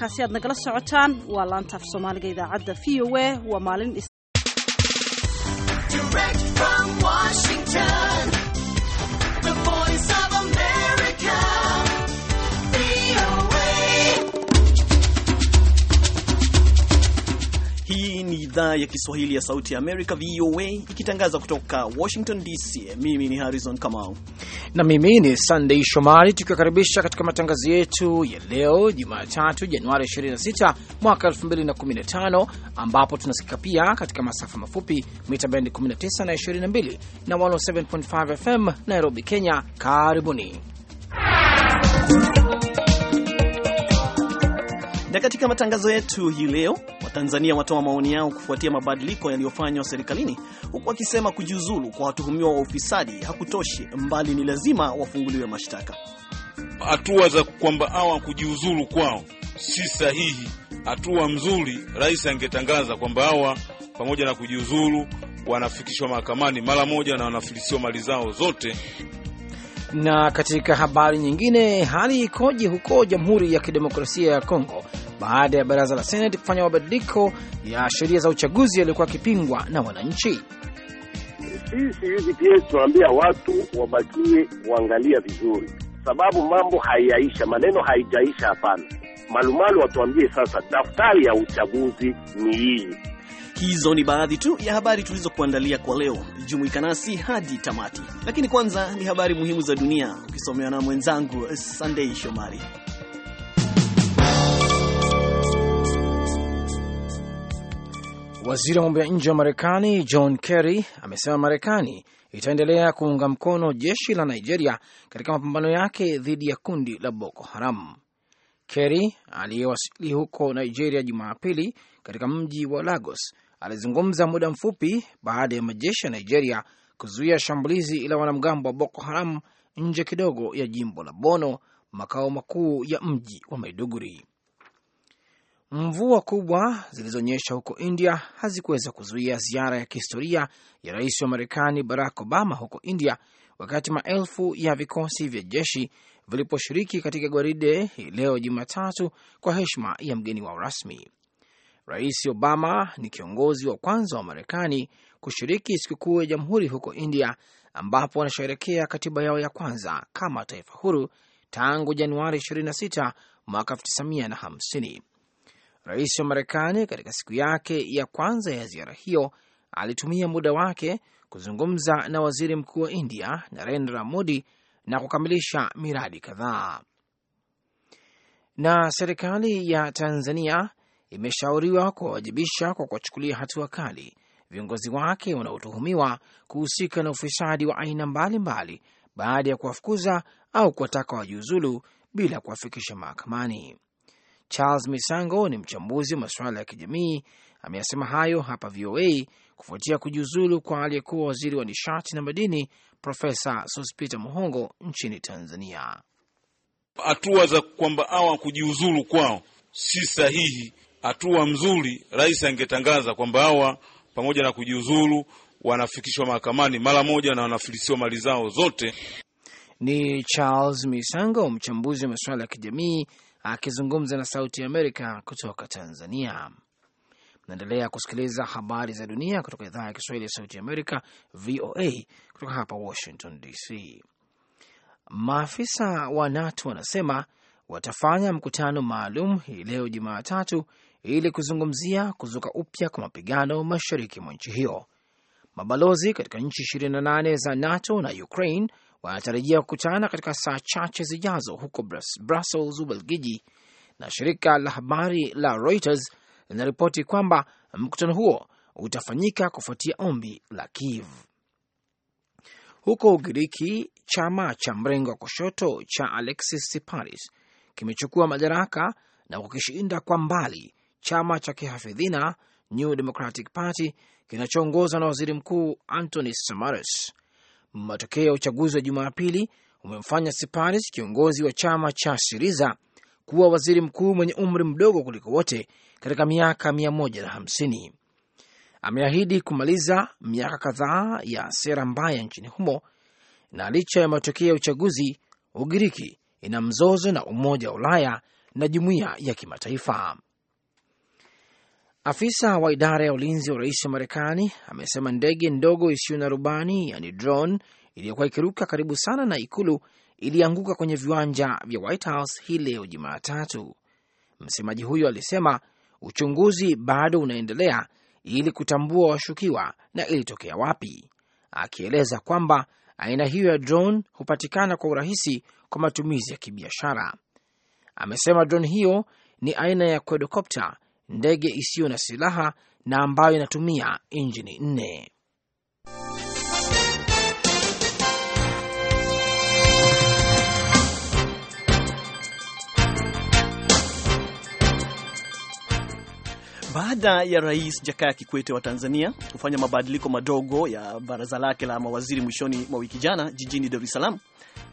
halkaasi aad nagala socotaan waa laanta af soomaaliga idaacadda v o a waa maalin ni idhaa ya Kiswahili ya Sauti ya Amerika, VOA, ikitangaza kutoka Washington DC. Mimi ni Harrison Kamau na mimi ni Sunday Shomari, tukiwakaribisha katika matangazo yetu ya leo Jumatatu Januari 26 mwaka 2015, ambapo tunasikika pia katika masafa mafupi mita bendi 19 na 22 na 107.5 FM Nairobi, Kenya. Karibuni na katika matangazo yetu hii leo, Watanzania watoa maoni yao kufuatia mabadiliko yaliyofanywa serikalini, huku wakisema kujiuzulu kwa watuhumiwa wa ufisadi hakutoshi, mbali ni lazima wafunguliwe mashtaka. Hatua za kwamba awa kujiuzulu kwao si sahihi. Hatua mzuri, rais angetangaza kwamba hawa pamoja na kujiuzulu wanafikishwa mahakamani mara moja na wanafilisiwa mali zao zote. Na katika habari nyingine, hali ikoje huko Jamhuri ya Kidemokrasia ya Kongo baada ya baraza la Senate kufanya mabadiliko ya sheria za uchaguzi yaliyokuwa yakipingwa na wananchi. Sisi hizi pia tunaambia watu wabakie kuangalia vizuri, sababu mambo haiyaisha maneno haijaisha. Hapana, malumalu watuambie sasa, daftari ya uchaguzi ni hii. Hizo ni baadhi tu ya habari tulizokuandalia kwa leo. Jumuika nasi hadi tamati, lakini kwanza ni habari muhimu za dunia ukisomewa na mwenzangu Sunday Shomari. Waziri wa mambo ya nje wa Marekani John Kerry amesema Marekani itaendelea kuunga mkono jeshi la Nigeria katika mapambano yake dhidi ya kundi la Boko Haram. Kerry aliyewasili huko Nigeria Jumapili katika mji wa Lagos alizungumza muda mfupi baada ya majeshi ya Nigeria kuzuia shambulizi la wanamgambo wa Boko Haram nje kidogo ya jimbo la Bono, makao makuu ya mji wa Maiduguri. Mvua kubwa zilizonyesha huko India hazikuweza kuzuia ziara ya kihistoria ya rais wa Marekani Barack Obama huko India, wakati maelfu ya vikosi vya jeshi viliposhiriki katika gwaride hii leo Jumatatu kwa heshima ya mgeni wao rasmi. Rais Obama ni kiongozi wa kwanza wa Marekani kushiriki sikukuu ya Jamhuri huko India, ambapo wanasherekea katiba yao ya kwanza kama taifa huru tangu Januari 26 mwaka 1950. Rais wa Marekani katika siku yake ya kwanza ya ziara hiyo alitumia muda wake kuzungumza na waziri mkuu wa India Narendra Modi na kukamilisha miradi kadhaa. Na serikali ya Tanzania imeshauriwa kuwawajibisha kwa kuwachukulia hatua kali viongozi wake wanaotuhumiwa kuhusika na ufisadi wa aina mbalimbali baada ya kuwafukuza au kuwataka wajiuzulu bila kuwafikisha mahakamani. Charles Misango ni mchambuzi wa masuala ya kijamii, ameyasema hayo hapa VOA kufuatia kujiuzulu kwa aliyekuwa waziri wa nishati na madini Profesa sospite Muhongo nchini Tanzania. Hatua za kwamba awa kujiuzulu kwao si sahihi. Hatua mzuri, rais angetangaza kwamba awa pamoja na kujiuzulu wanafikishwa mahakamani mara moja na wanafilisiwa mali zao zote. Ni Charles Misango, mchambuzi wa masuala ya kijamii akizungumza na Sauti ya Amerika kutoka Tanzania. Naendelea kusikiliza habari za dunia kutoka idhaa ya Kiswahili ya Sauti ya Amerika, VOA, kutoka hapa Washington DC. Maafisa wa NATO wanasema watafanya mkutano maalum hii leo Jumatatu ili kuzungumzia kuzuka upya kwa mapigano mashariki mwa nchi hiyo. Mabalozi katika nchi 28 za NATO na Ukraine wanatarajia kukutana katika saa chache zijazo huko Brussels, Ubelgiji, na shirika la habari la Reuters linaripoti kwamba mkutano huo utafanyika kufuatia ombi la Kiev. Huko Ugiriki, chama cha mrengo wa kushoto cha Alexis Siparis kimechukua madaraka na kukishinda kwa mbali chama cha kihafidhina New Democratic Party kinachoongozwa na waziri mkuu Antonis Samaras matokeo ya uchaguzi wa Jumapili umemfanya Siparis, kiongozi wa chama cha Siriza, kuwa waziri mkuu mwenye umri mdogo kuliko wote katika miaka 150. Ameahidi kumaliza miaka kadhaa ya sera mbaya nchini humo, na licha ya matokeo ya uchaguzi, Ugiriki ina mzozo na Umoja wa Ulaya na jumuiya ya kimataifa. Afisa wa idara ya ulinzi wa rais wa Marekani amesema ndege ndogo isiyo na rubani, yani drone, iliyokuwa ikiruka karibu sana na ikulu ilianguka kwenye viwanja vya White House hii leo Jumatatu. Msemaji huyo alisema uchunguzi bado unaendelea ili kutambua washukiwa na ilitokea wapi, akieleza kwamba aina hiyo ya drone hupatikana kwa urahisi kwa matumizi ya kibiashara. Amesema drone hiyo ni aina ya quadcopter ndege isiyo na silaha na ambayo inatumia injini nne. Baada ya Rais Jakaya Kikwete wa Tanzania kufanya mabadiliko madogo ya baraza lake la mawaziri mwishoni mwa wiki jana jijini Dar es Salaam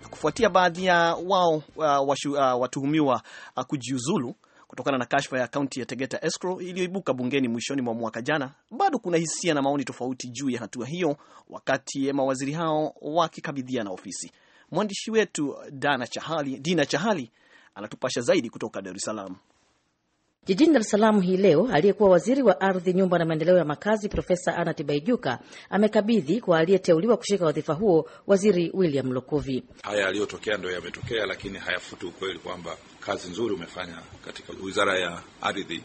na kufuatia baadhi ya wao uh, uh, watuhumiwa uh, kujiuzulu, kutokana na kashfa ya akaunti ya Tegeta Escrow iliyoibuka bungeni mwishoni mwa mwaka jana. Bado kuna hisia na maoni tofauti juu ya hatua hiyo, wakati mawaziri hao wakikabidhia na ofisi. Mwandishi wetu Dana Chahali, Dina Chahali anatupasha zaidi kutoka Dar es Salaam. Jijini Dar es Salaam hii leo, aliyekuwa waziri wa ardhi, nyumba na maendeleo ya makazi Profesa Anna Tibaijuka amekabidhi kwa aliyeteuliwa kushika wadhifa huo, Waziri William Lukuvi. Haya yaliyotokea ndo yametokea, lakini hayafuti ukweli kwamba kazi nzuri umefanya katika Wizara ya Ardhi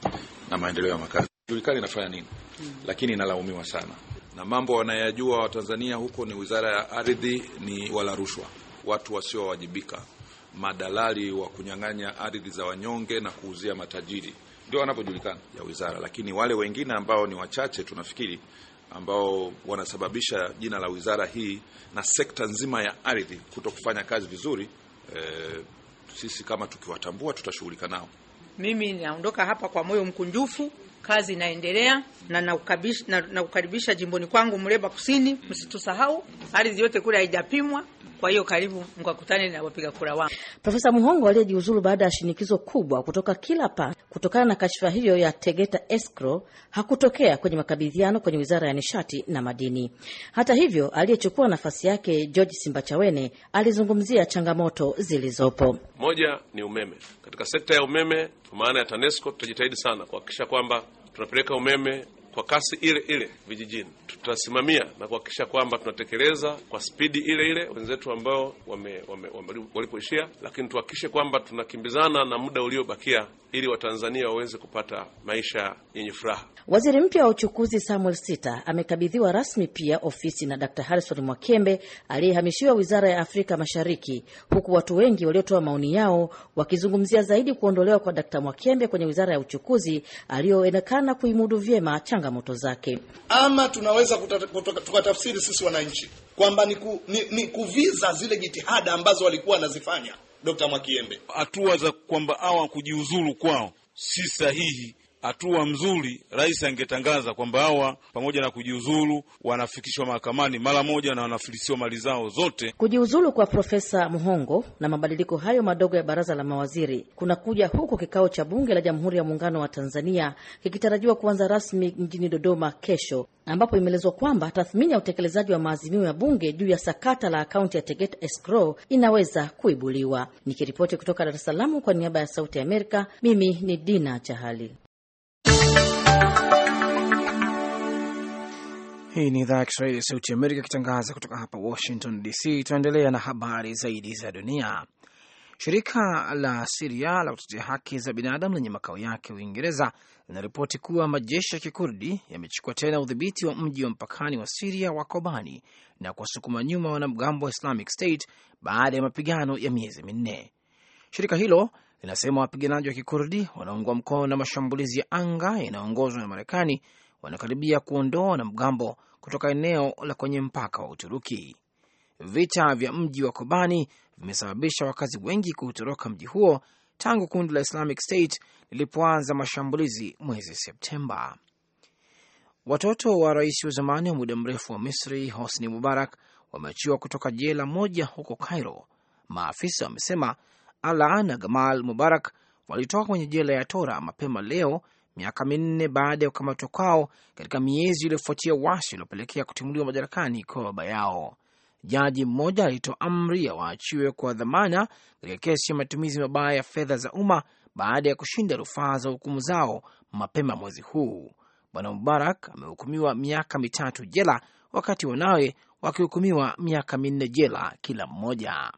na Maendeleo ya Makazi. Julikani inafanya nini hmm. lakini inalaumiwa sana na mambo wanayajua Watanzania huko ni Wizara ya Ardhi ni wala rushwa, watu wasiowajibika, madalali wa kunyang'anya ardhi za wanyonge na kuuzia matajiri ndio wanapojulikana ya wizara, lakini wale wengine ambao ni wachache tunafikiri ambao wanasababisha jina la wizara hii na sekta nzima ya ardhi kuto kufanya kazi vizuri eh, sisi kama tukiwatambua tutashughulika nao. Mimi naondoka hapa kwa moyo mkunjufu, kazi inaendelea na naukaribisha na, na jimboni kwangu Mreba Kusini. Msitusahau, ardhi yote kule haijapimwa. Kwa hiyo karibu mkakutane na wapiga kura wangu. Profesa Muhongo aliyejiuzulu baada ya shinikizo kubwa kutoka kila pande Kutokana na kashfa hiyo ya Tegeta Escrow hakutokea kwenye makabidhiano kwenye Wizara ya Nishati na Madini. Hata hivyo, aliyechukua nafasi yake George Simbachawene alizungumzia changamoto zilizopo. Moja ni umeme. Katika sekta ya umeme, kwa maana ya TANESCO, tutajitahidi sana kuhakikisha kwamba tunapeleka umeme kwa kasi ile ile vijijini. Tutasimamia na kuhakikisha kwamba tunatekeleza kwa spidi ile ile wenzetu ambao wame, wame, wame, walipoishia, lakini tuhakikishe kwamba tunakimbizana na muda uliobakia ili Watanzania waweze kupata maisha yenye furaha. Waziri mpya wa uchukuzi Samuel Sita amekabidhiwa rasmi pia ofisi na Dr Harrison Mwakembe aliyehamishiwa Wizara ya Afrika Mashariki, huku watu wengi waliotoa maoni yao wakizungumzia zaidi kuondolewa kwa Dkt. Mwakembe kwenye Wizara ya Uchukuzi aliyoonekana kuimudu vyema changamoto zake. Ama tunaweza tukatafsiri sisi wananchi kwamba ni, ku, ni, ni kuviza zile jitihada ambazo walikuwa wanazifanya Dr. Mwakiembe, hatua za kwamba awa kujiuzuru kwao si sahihi hatua mzuri rais angetangaza kwamba hawa pamoja na kujiuzulu wanafikishwa mahakamani mara moja na wanafilisiwa mali zao zote. Kujiuzulu kwa Profesa Muhongo na mabadiliko hayo madogo ya baraza la mawaziri kunakuja huku kikao cha bunge la Jamhuri ya Muungano wa Tanzania kikitarajiwa kuanza rasmi mjini Dodoma kesho, ambapo imeelezwa kwamba tathmini ya utekelezaji wa maazimio ya bunge juu ya sakata la akaunti ya Tegeta Escrow inaweza kuibuliwa. Nikiripoti kutoka Dar es Salaam kwa niaba ya Sauti ya Amerika, mimi ni Dina Chahali. Hii ni idhaa ya Kiswahili ya Sauti Amerika ikitangaza kutoka hapa Washington DC. Tunaendelea na habari zaidi za dunia. Shirika la Siria la kutetea haki za binadamu lenye makao yake Uingereza linaripoti kuwa majeshi ya kikurdi yamechukua tena udhibiti wa mji wa mpakani wa Siria wa Kobani na kuwasukuma nyuma wanamgambo wa Islamic State baada ya mapigano ya miezi minne. Shirika hilo linasema wapiganaji wa kikurdi wanaungwa mkono na mashambulizi ya anga yanayoongozwa na Marekani wanakaribia kuondoa wanamgambo kutoka eneo la kwenye mpaka wa Uturuki. Vita vya mji wa Kobani vimesababisha wakazi wengi kuutoroka mji huo tangu kundi la Islamic State lilipoanza mashambulizi mwezi Septemba. Watoto wa rais wa zamani wa muda mrefu wa Misri Hosni Mubarak wameachiwa kutoka jela moja huko Cairo. Maafisa wamesema ala na Gamal Mubarak walitoka kwenye jela ya Tora mapema leo miaka minne baada ya kukamatwa kwao katika miezi iliyofuatia wasi uliopelekea kutimuliwa madarakani kwa baba yao. Jaji mmoja alitoa amri ya waachiwe kwa dhamana katika kesi ya matumizi mabaya ya fedha za umma baada ya kushinda rufaa za hukumu zao mapema mwezi huu. Bwana Mubarak amehukumiwa miaka mitatu jela wakati wanawe wakihukumiwa miaka minne jela kila mmoja.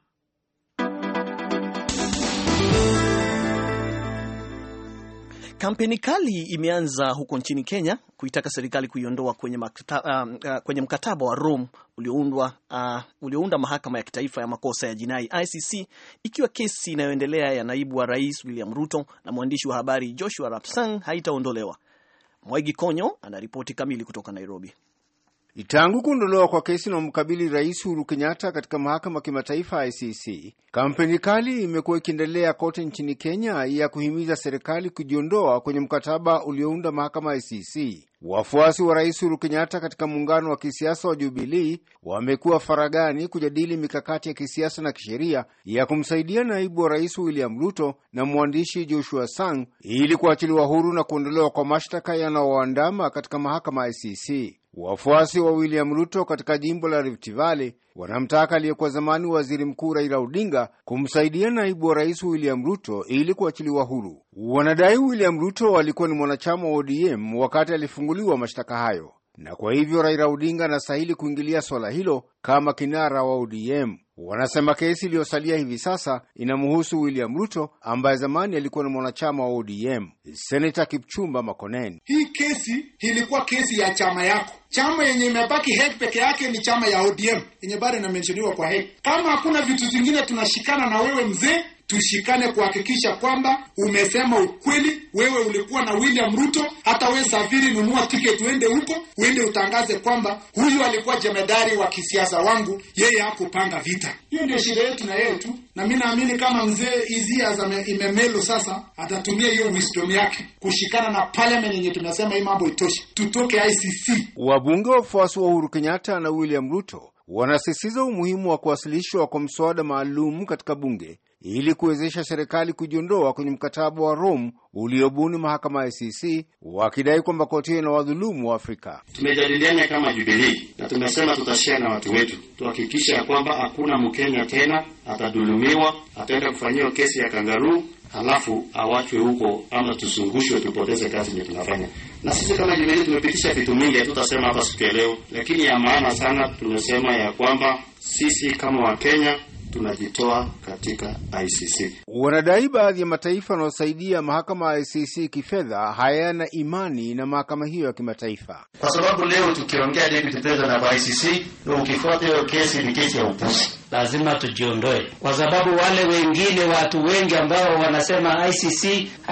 Kampeni kali imeanza huko nchini Kenya kuitaka serikali kuiondoa kwenye, uh, uh, kwenye mkataba wa Rome ulioundwa uh, uliounda mahakama ya kitaifa ya makosa ya jinai ICC, ikiwa kesi inayoendelea ya naibu wa rais William Ruto na mwandishi wa habari Joshua Rapsang haitaondolewa. Mwaigi Konyo anaripoti kamili kutoka Nairobi. Tangu kuondolewa kwa kesi inayomkabili Rais Uhuru Kenyatta katika mahakama ya kimataifa ICC, kampeni kali imekuwa ikiendelea kote nchini Kenya ya kuhimiza serikali kujiondoa kwenye mkataba uliounda mahakama ICC. Wafuasi wa Rais Uhuru Kenyatta katika muungano wa kisiasa wa Jubilii wamekuwa faragani kujadili mikakati ya kisiasa na kisheria ya kumsaidia naibu wa rais William Ruto na mwandishi Joshua Sang ili kuachiliwa huru na kuondolewa kwa mashtaka yanaoandama katika mahakama ICC. Wafuasi wa William Ruto katika jimbo la Rift Valley wanamtaka aliyekuwa zamani waziri mkuu Raila Odinga kumsaidia naibu wa rais William Ruto ili kuachiliwa huru. Wanadai William Ruto alikuwa ni mwanachama wa ODM wakati alifunguliwa mashtaka hayo, na kwa hivyo Raila Odinga anastahili kuingilia swala hilo kama kinara wa ODM. Wanasema kesi iliyosalia hivi sasa inamhusu William Ruto ambaye zamani alikuwa ni mwanachama wa ODM. Senata Kipchumba Makoneni: hii kesi ilikuwa kesi ya chama yako, chama yenye imebaki hek peke yake ni chama ya ODM yenye bado inamenshoniwa kwa hek. Kama hakuna vitu vingine tunashikana na wewe mzee tushikane kuhakikisha kwamba umesema ukweli. Wewe ulikuwa na William Ruto, hata wewe safiri, nunua tiketi uende huko, uende utangaze kwamba huyu alikuwa jemedari wa kisiasa wangu, yeye hakupanga vita. Hiyo ndio shida yetu na yeye tu, na mi naamini kama mzee Izias imemelo sasa, atatumia hiyo wisdom yake kushikana na parliament yenye tunasema hii mambo itoshe, tutoke ICC. Wabunge wafuasi wa Uhuru Kenyatta na William Ruto wanasisitiza umuhimu wa kuwasilishwa kwa mswada maalum katika bunge ili kuwezesha serikali kujiondoa kwenye mkataba wa Rome uliobuni mahakama ya ICC, wakidai kwamba koti hiyo inawadhulumu wa Afrika. Tumejadiliana kama Jubilii na tumesema tutashia na watu wetu, tuhakikisha ya kwamba hakuna Mkenya tena atadhulumiwa, ataenda kufanyiwa kesi ya kangaruu halafu awachwe huko ama tuzungushwe, tupoteze kazi yenye tunafanya. Na sisi kama Jubilii tumepitisha vitu mingi, hatutasema hapa siku ya leo, lakini ya maana sana tumesema ya kwamba sisi kama Wakenya tunajitoa katika ICC. Wanadai baadhi ya mataifa yanayosaidia mahakama ya ICC kifedha hayana imani na mahakama hiyo ya kimataifa, kwa sababu leo tukiongea David Peter na ICC, ukifuata hiyo kesi ni kesi ya upuzi. Lazima tujiondoe, kwa sababu wale wengine watu wengi ambao wanasema ICC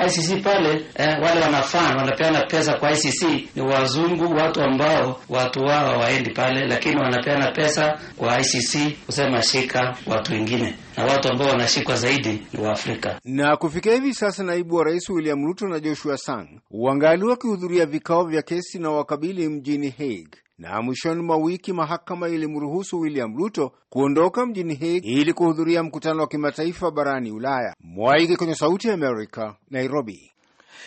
ICC pale eh, wale wanafanya wanapeana pesa kwa ICC ni wazungu, watu ambao watu wao hawaendi pale, lakini wanapeana pesa kwa ICC kusema shika watu watu wengine, na watu ambao wanashikwa zaidi ni Waafrika. Na kufikia hivi sasa, naibu wa rais William Ruto na Joshua Sang wangali wakihudhuria vikao vya kesi na wakabili mjini Hague na mwishoni mwa wiki mahakama ilimruhusu William Ruto kuondoka mjini Hague ili kuhudhuria mkutano wa kimataifa barani Ulaya. Mwaige kwenye Sauti ya Amerika, Nairobi.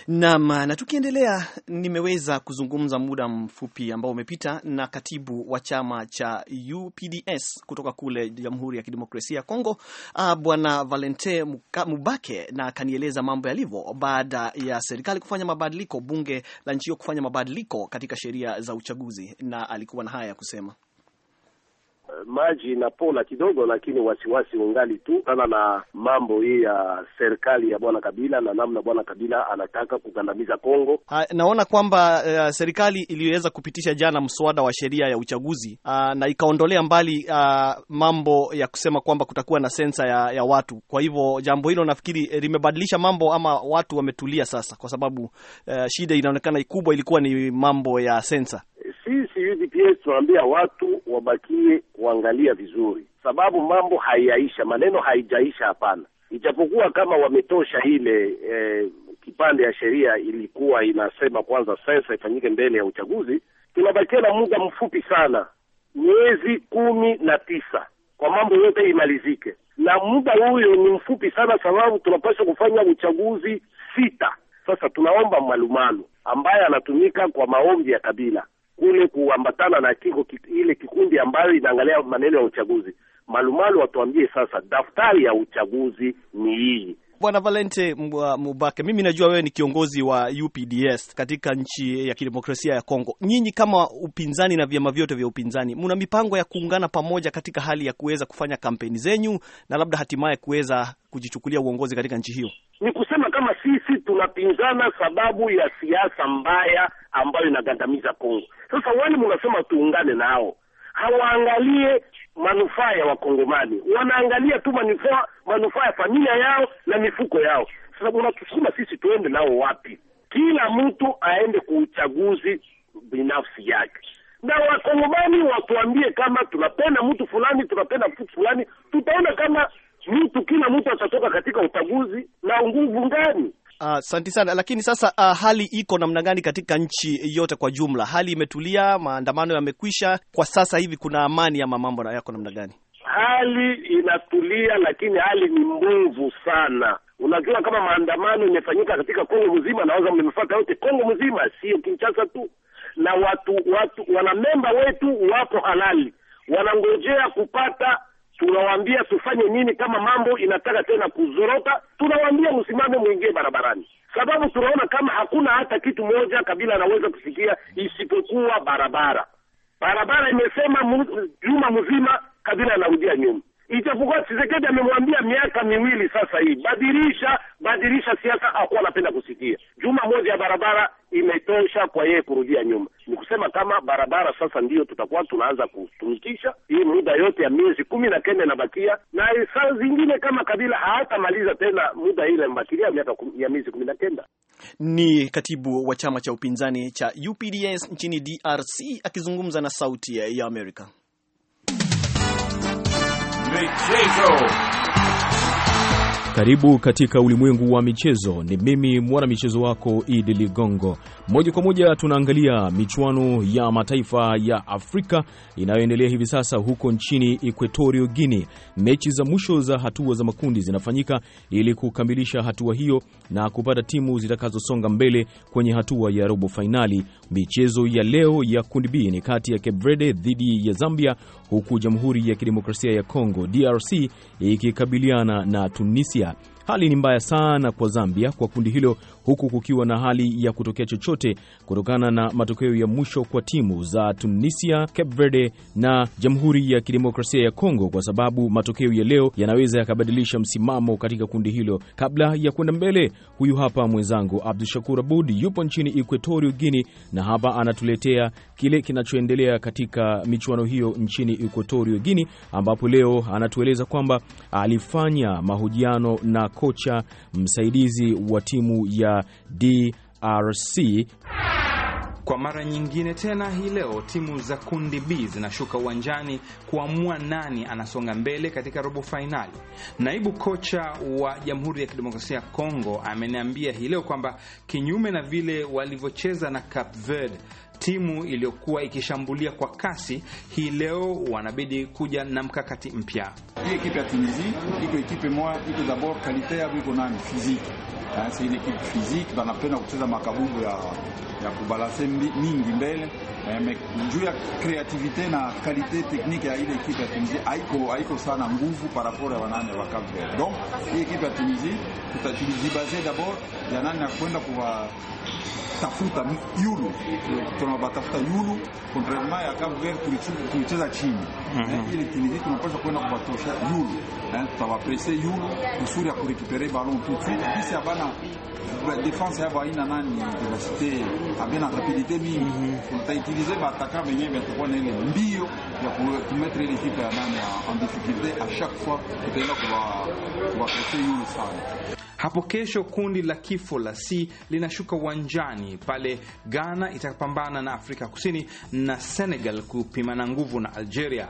Naam, na tukiendelea, nimeweza kuzungumza muda mfupi ambao umepita na katibu wa chama cha UPDS kutoka kule Jamhuri ya Kidemokrasia ya Kongo, ah, Bwana Valente Mubake, na akanieleza mambo yalivyo baada ya serikali kufanya mabadiliko, bunge la nchi hiyo kufanya mabadiliko katika sheria za uchaguzi, na alikuwa na haya ya kusema. Eh, maji inapona kidogo, lakini wasiwasi ungali tu kana na mambo hii ya serikali ya bwana Kabila na namna bwana Kabila anataka kugandamiza Kongo. Ha, ah, naona kwamba uh, serikali iliweza kupitisha jana mswada wa sheria ya uchaguzi uh, na ikaondolea mbali uh, mambo ya kusema kwamba kutakuwa na sensa ya, ya watu. Kwa hivyo jambo hilo nafikiri eh, limebadilisha mambo ama watu wametulia sasa, kwa sababu uh, shida inaonekana kubwa ilikuwa ni mambo ya sensa pia tunaambia watu wabakie kuangalia vizuri, sababu mambo haiyaisha, maneno haijaisha. Hapana, ijapokuwa kama wametosha ile eh, kipande ya sheria ilikuwa inasema kwanza sensa ifanyike mbele ya uchaguzi. Tunabakia na muda mfupi sana, miezi kumi na tisa kwa mambo yote imalizike, na muda huyo ni mfupi sana, sababu tunapaswa kufanya uchaguzi sita. Sasa tunaomba malumalu ambaye anatumika kwa maombi ya kabila kule kuambatana na kiko ile kikundi ambayo inaangalia maneno ya uchaguzi. Malumalu watuambie sasa, daftari ya uchaguzi ni hii. Bwana Valente uh, Mubake, mimi najua wewe ni kiongozi wa UPDS katika nchi ya kidemokrasia ya Kongo. Nyinyi kama upinzani na vyama vyote vya upinzani, mna mipango ya kuungana pamoja katika hali ya kuweza kufanya kampeni zenyu na labda hatimaye kuweza kujichukulia uongozi katika nchi hiyo? Ni kama sisi tunapinzana sababu ya siasa mbaya ambayo inagandamiza Kongo. Sasa wale mnasema tuungane nao, hawaangalie manufaa ya Wakongomani, wanaangalia tu manufaa manufaa ya familia yao na mifuko yao. Sasa unatusukuma sisi tuende nao wapi? Kila mtu aende kuuchaguzi binafsi yake na Wakongomani watuambie kama tunapenda mtu fulani, tunapenda mtu fulani, tutaona kama mtu kila mtu atatoka katika uchaguzi na nguvu ngani Asante uh, sana. Lakini sasa uh, hali iko namna gani katika nchi yote kwa jumla? Hali imetulia, maandamano yamekwisha, kwa sasa hivi kuna amani ama mambo na yako namna gani? Hali inatulia, lakini hali ni mbovu sana. Unajua, kama maandamano imefanyika katika Kongo mzima, naweza mlimefata yote Kongo mzima, sio Kinshasa tu, na watu watu wanamemba wetu wako halali, wanangojea kupata tunawaambia tufanye nini kama mambo inataka tena kuzorota, tunawaambia msimame, mwingie barabarani, sababu tunaona kama hakuna hata kitu moja kabila anaweza kusikia isipokuwa barabara. Barabara imesema juma mzima kabila anarudia nyuma. Ijapokuwa Tshisekedi amemwambia miaka miwili sasa hii, badilisha badilisha siasa, hakuwa anapenda kusikia. Juma moja ya barabara imetosha kwa yeye kurudia nyuma. Ni kusema kama barabara sasa ndiyo tutakuwa tunaanza kutumikisha hii muda yote ya miezi kumi na kenda inabakia, na saa zingine kama Kabila hatamaliza tena muda ile mbakilia miaka ya miezi kumi na kenda. Ni katibu wa chama cha upinzani cha UPDS nchini DRC akizungumza na Sauti ya Amerika. by Karibu katika ulimwengu wa michezo. Ni mimi mwana michezo wako Idi Ligongo. Moja kwa moja tunaangalia michuano ya mataifa ya Afrika inayoendelea hivi sasa huko nchini Equatorio Guinea. Mechi za mwisho za hatua za makundi zinafanyika ili kukamilisha hatua hiyo na kupata timu zitakazosonga mbele kwenye hatua ya robo fainali. Michezo ya leo ya kundi B ni kati ya Cape Verde dhidi ya Zambia, huku Jamhuri ya Kidemokrasia ya Kongo DRC ikikabiliana na Tunisia. Hali ni mbaya sana kwa Zambia, kwa kundi hilo huku kukiwa na hali ya kutokea chochote kutokana na matokeo ya mwisho kwa timu za Tunisia, Cape Verde na Jamhuri ya Kidemokrasia ya Kongo, kwa sababu matokeo ya leo yanaweza yakabadilisha msimamo katika kundi hilo. Kabla ya kwenda mbele, huyu hapa mwenzangu Abdu Shakur Abud yupo nchini Equatorio Guini na hapa anatuletea kile kinachoendelea katika michuano hiyo nchini Equatorio Guini, ambapo leo anatueleza kwamba alifanya mahojiano na kocha msaidizi wa timu ya DRC. Kwa mara nyingine tena hii leo timu za kundi B zinashuka uwanjani kuamua nani anasonga mbele katika robo fainali. Naibu kocha wa Jamhuri ya Kidemokrasia ya Kongo ameniambia hii leo kwamba kinyume na vile walivyocheza na Cape Verde, timu iliyokuwa ikishambulia kwa kasi hii leo wanabidi kuja na mkakati mpya. Hii ekipe ya Tunisie iko ekipe moja iko dabord kalite yabo iko nani fiziki si ile ekipe fiziki banapenda kucheza makabumbu ya, ya kubalanse mingi mbele eh, juu ya kreativite na kalite teknike ya ile ekipe ya Tunisie haiko haiko sana nguvu par rapport ya wanane wa Cap Verde. Donc hii ekipe ya Tunisie tutajibaze dabord ya nani ya kwenda kuwa tafuta yulu, tunabatafuta yulu contrairement ya Cape Verde, tulicheza chini mhm. eh, ili Tunisie, tunapaswa kwenda kubatosha yulu, eh, tutawapresse yulu kusuri ya kurekipere ballon tout de suite bisi abana defense ya baina nani diversité abena rapidite mingi, tutautilize bataka benye batakuwa na ile mbio ya kumetre ile tipe ya nani en difficulté a chaque fois, tutaenda kuwapresse yulu sana. Hapo kesho kundi la kifo la C linashuka uwanjani uwanjani pale Ghana itapambana na Afrika Kusini na Senegal kupimana nguvu na Algeria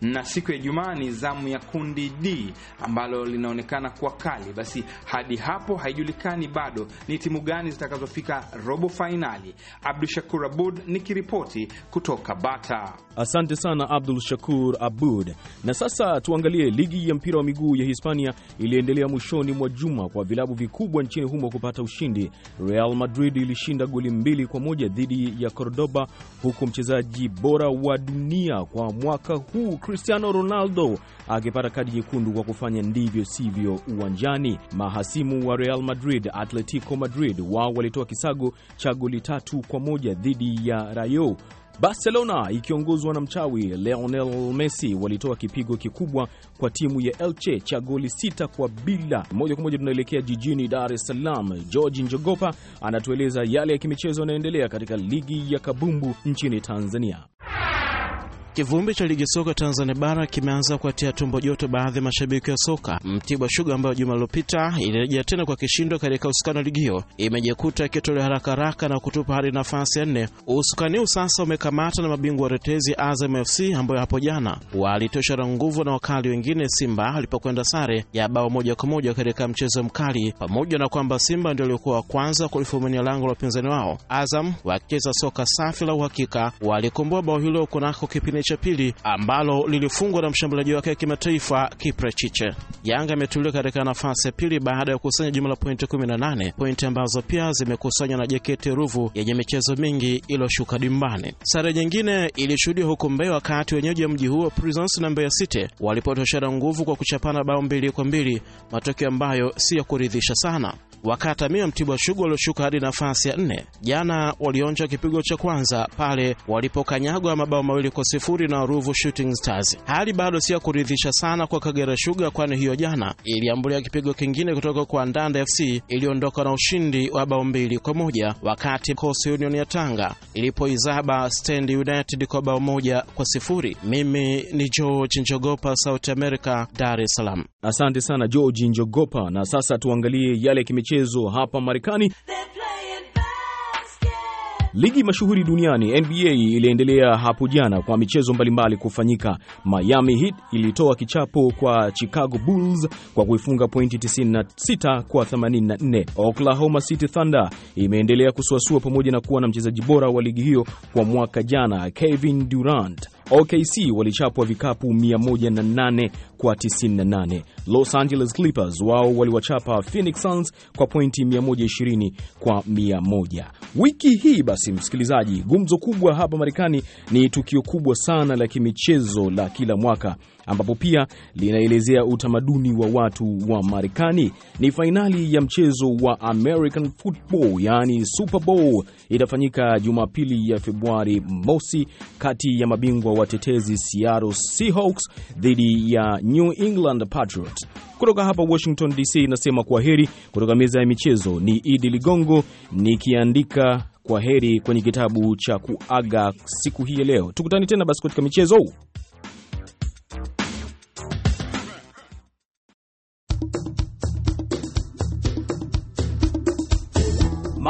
na siku ya Ijumaa ni zamu ya kundi D ambalo linaonekana kuwa kali. Basi hadi hapo haijulikani bado ni timu gani zitakazofika robo fainali. Abdul Shakur Abud nikiripoti kutoka Bata. Asante sana Abdul Shakur Abud. Na sasa tuangalie ligi ya mpira wa miguu ya Hispania iliendelea mwishoni mwa juma kwa vilabu vikubwa nchini humo kupata ushindi. Real Madrid ilishinda goli mbili kwa moja dhidi ya Cordoba, huku mchezaji bora wa dunia kwa mwaka huu mkuu Cristiano Ronaldo akipata kadi nyekundu kwa kufanya ndivyo sivyo uwanjani. Mahasimu wa Real Madrid, Atletico Madrid, wao walitoa kisago cha goli tatu kwa moja dhidi ya Rayo. Barcelona ikiongozwa na mchawi Lionel Messi walitoa kipigo kikubwa kwa timu ya Elche cha goli sita kwa bila. Moja kwa moja tunaelekea jijini Dar es Salaam. George Njogopa anatueleza yale ya kimichezo yanayoendelea katika ligi ya kabumbu nchini Tanzania. Kivumbi cha ligi soka Tanzania bara kimeanza kuatia tumbo joto baadhi ya mashabiki wa soka. Mtibwa Sugar ambayo juma lilopita ilirejea tena kwa kishindo katika usukani wa ligi hiyo imejikuta ikitolewa haraka haraka na kutupa hadi nafasi ya nne. Usukani huu sasa umekamata na mabingwa watetezi Azam FC ambayo hapo jana walitosha na nguvu na wakali wengine Simba walipokwenda sare ya bao moja kwa moja katika mchezo mkali. Pamoja na kwamba Simba ndio aliokuwa wa kwanza kulifumania lango la upinzani wao, Azam wakicheza soka safi la uhakika walikomboa bao hilo kunako kipindi cha pili ambalo lilifungwa na mshambuliaji wake wa kimataifa Kiprechiche. Yanga imetulia katika nafasi ya pili baada ya kukusanya jumla pointi 18, pointi ambazo pia zimekusanywa na JKT Ruvu yenye michezo mingi iliyoshuka dimbani. Sare nyingine ilishuhudiwa huko Mbeya, wakati wenyeji wa mji huo Prisons na Mbeya City walipotoshana nguvu kwa kuchapana bao mbili kwa mbili, matokeo ambayo si ya kuridhisha sana. Wakatamia Mtibwa Sugar walioshuka hadi nafasi ya nne, jana walionja kipigo cha kwanza pale walipokanyagwa mabao mawili kwa sifuri na Ruvu Shooting Stars. Hali bado si ya kuridhisha sana kwa Kagera Sugar, kwani hiyo jana iliambulia kipigo kingine kutoka kwa Ndanda FC iliondoka na ushindi wa bao mbili kwa moja, wakati cos Union ya Tanga ilipoizaba Stand United kwa bao moja kwa sifuri. Mimi ni George Njogopa, South America, Dar es Salaam. Asante sana George Njogopa, na sasa tuangalie yale kimichezo michezo hapa Marekani. Ligi mashuhuri duniani NBA iliendelea hapo jana kwa michezo mbalimbali kufanyika. Miami Heat ilitoa kichapo kwa Chicago Bulls kwa kuifunga pointi 96 kwa 84. Oklahoma City Thunder imeendelea kusuasua pamoja na kuwa na mchezaji bora wa ligi hiyo kwa mwaka jana Kevin Durant. OKC walichapwa vikapu 108 kwa 98. Los Angeles Clippers wao waliwachapa Phoenix Suns kwa pointi 120 kwa 100. Wiki hii basi, msikilizaji, gumzo kubwa hapa Marekani ni tukio kubwa sana la kimichezo la kila mwaka ambapo pia linaelezea utamaduni wa watu wa Marekani. Ni fainali ya mchezo wa American Football, yani Super Bowl, itafanyika Jumapili ya Februari mosi kati ya mabingwa watetezi Seattle Seahawks dhidi ya New England Patriots. Kutoka hapa Washington DC inasema kwa heri kutoka meza ya michezo. Ni Idi Ligongo nikiandika kwa heri kwenye kitabu cha kuaga siku hii ya leo. Tukutane tena basi katika michezo.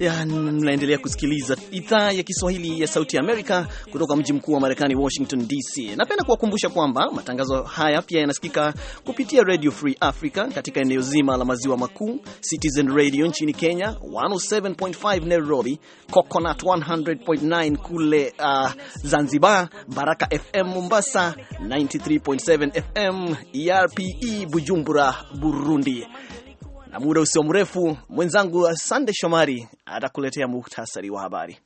Mnaendelea kusikiliza idhaa ya Kiswahili ya Sauti ya Amerika kutoka mji mkuu wa Marekani, Washington DC. Napenda kuwakumbusha kwamba matangazo haya pia yanasikika kupitia Radio Free Africa katika eneo zima la maziwa makuu, Citizen Radio nchini Kenya 107.5 Nairobi, Coconut 100.9 kule uh, Zanzibar, Baraka FM Mombasa 93.7 FM, ERPE Bujumbura, Burundi na muda usio mrefu mwenzangu Sande Shomari atakuletea muhtasari wa habari.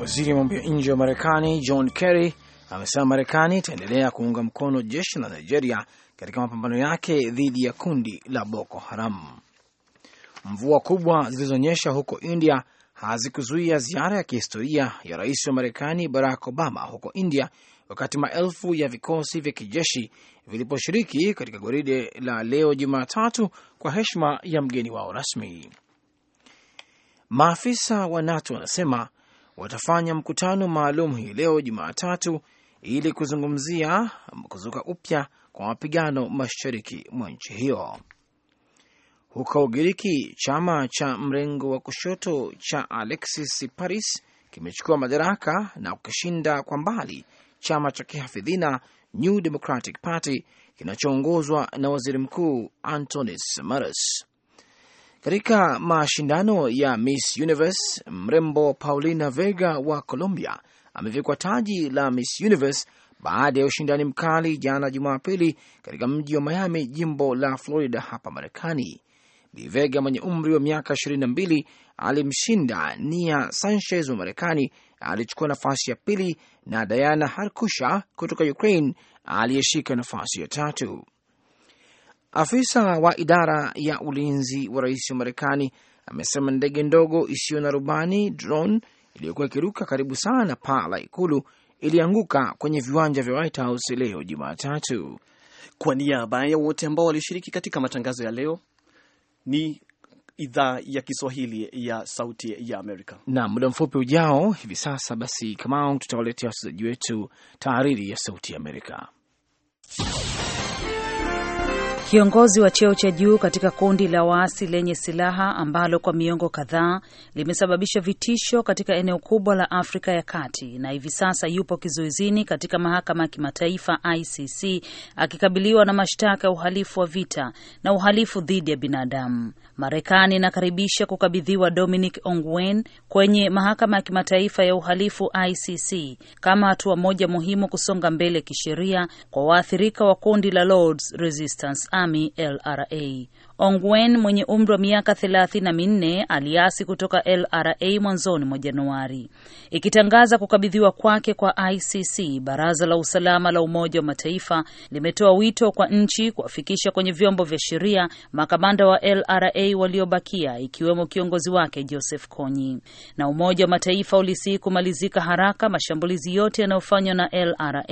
Waziri wa mambo ya nje wa Marekani John Kerry amesema Marekani itaendelea kuunga mkono jeshi la Nigeria katika mapambano yake dhidi ya kundi la Boko Haram. Mvua kubwa zilizonyesha huko India hazikuzuia ziara ya kihistoria ya rais wa Marekani Barack Obama huko India wakati maelfu ya vikosi vya kijeshi viliposhiriki katika gwaride la leo Jumatatu kwa heshima ya mgeni wao rasmi. Maafisa wa NATO wanasema watafanya mkutano maalum hii leo Jumatatu ili kuzungumzia kuzuka upya kwa mapigano mashariki mwa nchi hiyo. Huko Ugiriki, chama cha mrengo wa kushoto cha Alexis paris kimechukua madaraka na kukishinda kwa mbali chama cha kihafidhina New Democratic Party kinachoongozwa na waziri mkuu Antonis Samaras. Katika mashindano ya Miss Universe, mrembo Paulina Vega wa Colombia amevikwa taji la Miss Universe baada ya ushindani mkali jana Jumapili katika mji wa Miami, jimbo la Florida hapa Marekani. Bi Vega mwenye umri wa miaka 22 alimshinda Nia Sanchez wa Marekani alichukua nafasi ya pili na Diana Harkusha kutoka Ukraine aliyeshika nafasi ya tatu. Afisa wa idara ya ulinzi wa rais wa Marekani amesema ndege ndogo isiyo na rubani drone iliyokuwa ikiruka karibu sana paa la ikulu ilianguka kwenye viwanja vya White House leo Jumatatu. Kwa niaba ya wote ambao walishiriki katika matangazo ya leo, ni idhaa ya Kiswahili ya Sauti ya Amerika. Na muda mfupi ujao hivi sasa, basi Kamau, tutawaletea wasikilizaji wetu tahariri ya Sauti ya Amerika. Kiongozi wa cheo cha juu katika kundi la waasi lenye silaha ambalo kwa miongo kadhaa limesababisha vitisho katika eneo kubwa la Afrika ya Kati na hivi sasa yupo kizuizini katika mahakama ya kimataifa ICC akikabiliwa na mashtaka ya uhalifu wa vita na uhalifu dhidi ya binadamu. Marekani inakaribisha kukabidhiwa Dominic Ongwen kwenye mahakama ya kimataifa ya uhalifu ICC kama hatua moja muhimu kusonga mbele kisheria kwa waathirika wa kundi la Lords Resistance Army LRA Ongwen mwenye umri wa miaka thelathini na minne aliasi kutoka LRA mwanzoni mwa Januari ikitangaza kukabidhiwa kwake kwa ICC. Baraza la Usalama la Umoja wa Mataifa limetoa wito kwa nchi kuwafikisha kwenye vyombo vya sheria makamanda wa LRA waliobakia ikiwemo kiongozi wake Joseph Kony. Na Umoja wa Mataifa ulisihi kumalizika haraka mashambulizi yote yanayofanywa na LRA,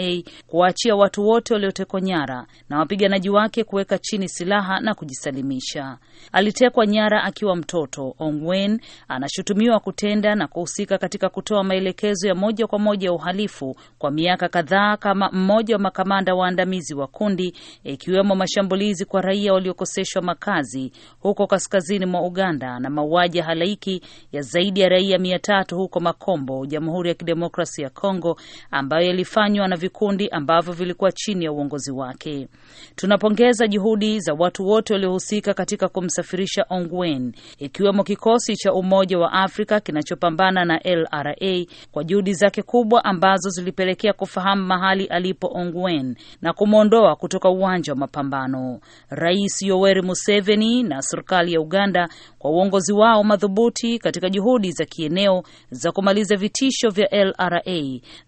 kuwaachia watu wote waliotekwa nyara na wapiganaji wake kuweka chini silaha na kujisalimisha maisha. Alitekwa nyara akiwa mtoto. Ongwen anashutumiwa kutenda na kuhusika katika kutoa maelekezo ya moja kwa moja ya uhalifu kwa miaka kadhaa kama mmoja wa makamanda waandamizi wa kundi, ikiwemo mashambulizi kwa raia waliokoseshwa makazi huko kaskazini mwa Uganda na mauaji ya halaiki ya zaidi ya raia mia tatu huko Makombo, Jamhuri ya kidemokrasi ya Kongo, ambayo yalifanywa na vikundi ambavyo vilikuwa chini ya uongozi wake. Tunapongeza juhudi za watu wote waliohusika kuhusika katika kumsafirisha Ongwen, ikiwemo kikosi cha Umoja wa Afrika kinachopambana na LRA kwa juhudi zake kubwa ambazo zilipelekea kufahamu mahali alipo Ongwen na kumwondoa kutoka uwanja wa mapambano. Rais Yoweri Museveni na serikali ya Uganda kwa uongozi wao madhubuti katika juhudi za kieneo za kumaliza vitisho vya LRA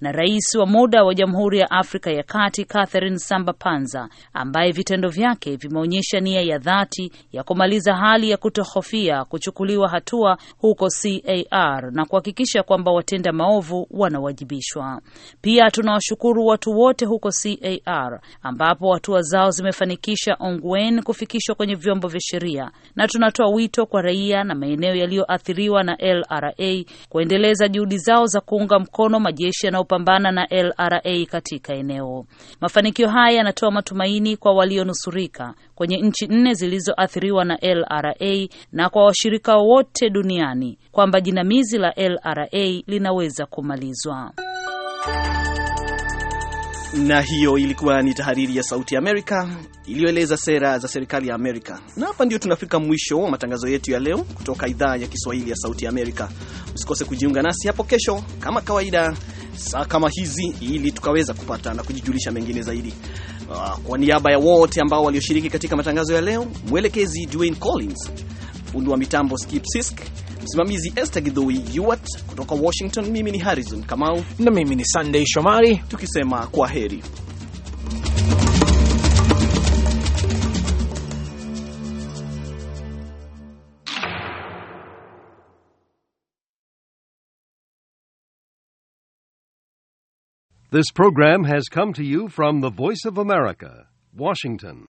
na rais wa muda wa Jamhuri ya Afrika ya Kati Catherine Samba Panza ambaye vitendo vyake vimeonyesha nia ya dhati mikakati ya kumaliza hali ya kutohofia kuchukuliwa hatua huko CAR na kuhakikisha kwamba watenda maovu wanawajibishwa. Pia tunawashukuru watu wote huko CAR ambapo hatua zao zimefanikisha Ongwen kufikishwa kwenye vyombo vya sheria, na tunatoa wito kwa raia na maeneo yaliyoathiriwa na LRA kuendeleza juhudi zao za kuunga mkono majeshi yanayopambana na LRA katika eneo. Mafanikio haya yanatoa matumaini kwa walionusurika kwenye nchi nne zilizoathiriwa na LRA na kwa washirika wote duniani kwamba jinamizi la LRA linaweza kumalizwa. Na hiyo ilikuwa ni tahariri ya Sauti ya Amerika iliyoeleza sera za serikali ya Amerika. Na hapa ndio tunafika mwisho wa matangazo yetu ya leo kutoka idhaa ya Kiswahili ya Sauti ya Amerika. Msikose kujiunga nasi hapo kesho kama kawaida saa kama hizi, ili tukaweza kupata na kujijulisha mengine zaidi. Ah, kwa niaba ya wote ambao walioshiriki katika matangazo ya leo, mwelekezi Dwayne Collins fundi wa mitambo Skip Sisk, msimamizi Esther Gidhui Yuat. Kutoka Washington, mimi ni Harrison Kamau na mimi ni Sunday Shomari, tukisema kwa heri. This program has come to you from the Voice of America, Washington.